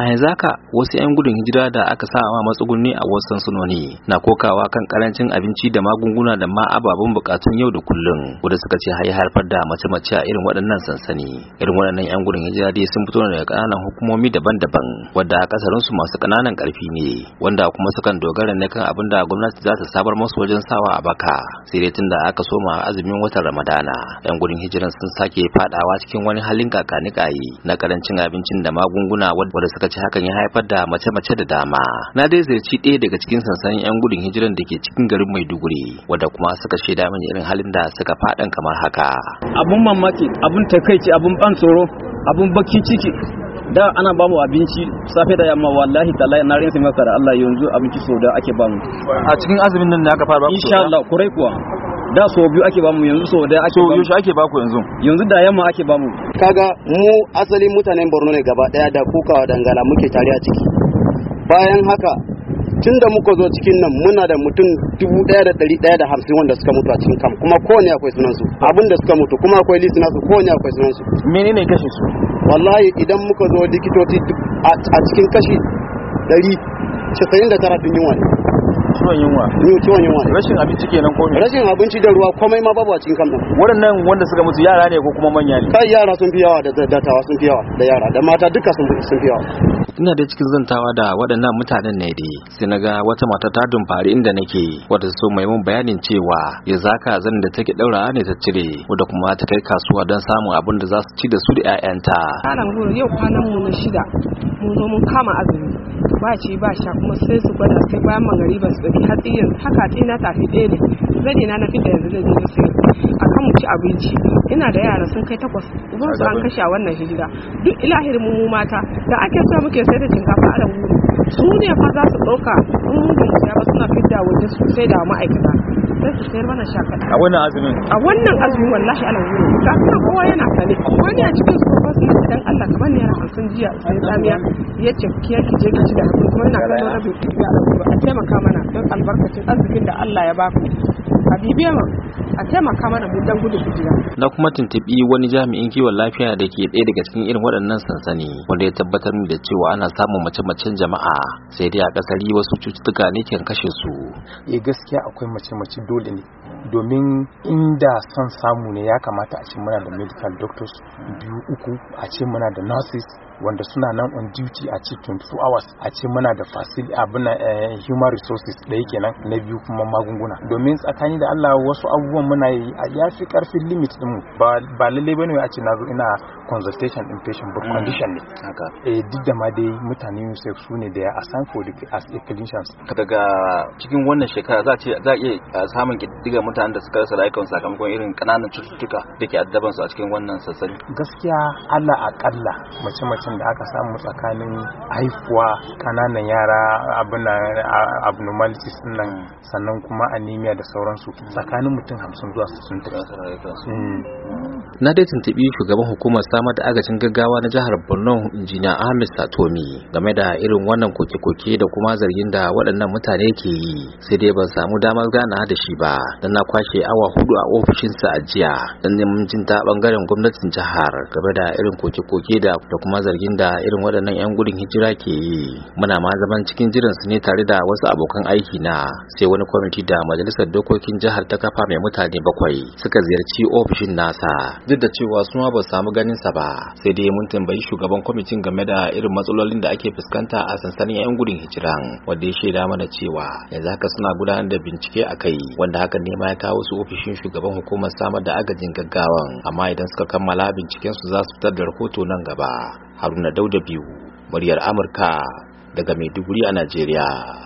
a yanzu haka wasu 'yan gudun hijira da aka sa a matsugunni a wasu sansunoni na kokawa kan karancin abinci da magunguna da ma ababen bukatun yau da kullum wanda suka ce hayi haifar da mace-mace a irin waɗannan sansani irin waɗannan 'yan gudun hijira dai sun fito daga ƙananan hukumomi daban-daban wanda akasarin su masu ƙananan ƙarfi ne wanda kuma sukan dogara ne kan abin da gwamnati za ta sabar musu wajen sawa a baka sai dai tun da aka soma azumin watan ramadana 'yan gudun hijiran sun sake fadawa cikin wani halin kakanikayi na karancin abincin da magunguna wadda suka suka ce hakan ya haifar da mace-mace da dama na dai ziyarci ɗaya daga cikin sansanin yan gudun hijiran da ke cikin garin maiduguri wadda kuma suka shaida mini irin halin da suka faɗan kamar haka abun mamaki abun takaici abun ban tsoro abun bakin ciki da ana ba mu abinci safe da yamma wallahi tallahi na rinsa maka da Allah yanzu abinci so da ake ba mu a cikin azumin nan ne aka fara ba ku insha Allah kurai kuwa da so biyu ake ba mu yanzu so da ake ba mu ake ba ku yanzu yanzu da yamma ake ba mu kaga mu asalin mutanen borno ne gaba daya da kukawa dangala muke tare a ciki bayan haka tun da muka zo cikin nan muna da mutum dubu daya da dari daya da hamsin wanda suka mutu a cikin kam kuma kowane akwai sunansu abin da suka mutu kuma akwai lisina su kowane akwai sunansu menene kashe su wallahi idan muka zo likitoci a cikin kashi dari casa'in da tara tun ne ciwon yunwa eh, ciwon yunwa rashin abinci kenan ko me rashin abinci da ruwa komai ma babu a cikin kamfan waɗannan wanda suka mutu yara ne ko kuma manya ne kai yara sun fi yawa da dattawa sun fi yawa da yara da mata duka sun fi yawa ina da cikin zantawa da waɗannan mutanen ne dai sai na ga wata mata ta dumfari inda nake wata so mai mun bayanin cewa ya zaka zan da take daura ne ta cire wanda kuma ta kai kasuwa don samun abin da za su ci da su da 'ya'yanta. kana goro yau kwanan mu na shida mun zo mun kama azumi ba ci ba sha kuma sai su gwada sai bayan magariba su dake hatsi yanzu haka tsina tafi ɗaya ne zai na na da yanzu zai je sai ci abinci ina da yara sun kai takwas zuwa su an kashe a wannan hijira duk ilahirin mu mata da ake so muke sai da shinkafa a wuri su ne fa za su ɗauka in mu ya ba suna fidda waje su sai da ma'aikata sai su sayar mana sha a wannan azumin a wannan azumin wallahi ala wuri ga kuma kowa yana sane wani a cikin su ba su yi dan Allah kamar yana hamsin jiya sai tsamiya ya ce kiyar ki je ki ci da hamsin kuma ina kallon rabin a taimaka mana don albarkacin arzikin da Allah ya baku a bibiya a taimaka mana mu dan gudun hijira na kuma tuntubi wani jami'in kiwon lafiya da ke ɗaya daga cikin irin waɗannan sansani wanda ya tabbatar min da cewa ana samun mace-macen jama'a sai dai a kasari wasu cututtuka ne ke kashe su eh gaskiya akwai mace-mace dole ne domin inda son samu ne ya kamata a ce muna da medical doctors biyu uku a ce muna da nurses wanda suna nan on duty a ce 24 hours a ce muna da facility abin eh, human resources da yake nan na biyu kuma magunguna domin tsakani da Allah wasu abubuwan muna yi ya fi karfin limit din mu ba lalle bane a ce nazo ina consultation in patient but mm. condition ne eh duk da ma dai mutane Yusuf su ne da ya asan for the as a clinicians daga cikin wannan shekara za ce za iya samun diga mutanen da suka rasa rayukan sakamakon irin kananan cututtuka da ke addaban su a cikin wannan sassan gaskiya a akalla mace-macen da aka samu tsakanin haifuwa kananan yara abnormalities nan mm. sannan kuma anemia da sauransu mm. tsakanin mutum hamsin zuwa mm. na dai tuntubi shugaban hukumar samar da agajin gaggawa na jihar borno injiniya ahmed satomi game da irin wannan koke-koke da kuma zargin da waɗannan mutane ke yi sai dai ban samu damar gana da shi ba don na kwashe awa hudu a ofishinsa a jiya don neman jin ta bangaren gwamnatin jihar game da irin koke-koke da kuma zargin da irin waɗannan 'yan gudun hijira ke yi muna ma zaman cikin su ne tare da wasu abokan aiki na sai wani kwamiti da majalisar dokokin jihar ta kafa mai mai mutane bakwai suka ziyarci ofishin nasa duk da cewa su ma ba samu ganinsa ba sai dai mun tambayi shugaban kwamitin game da irin matsalolin da ake fuskanta a sansanin yan gudun hijiran wanda ya shaida mana cewa yanzu haka suna gudanar da bincike a kai wanda haka ne ma ya kawo su ofishin shugaban hukumar samar da agajin gaggawan amma idan suka kammala binciken su za su fitar da rahoto nan gaba haruna dauda biyu muryar amurka daga maiduguri a najeriya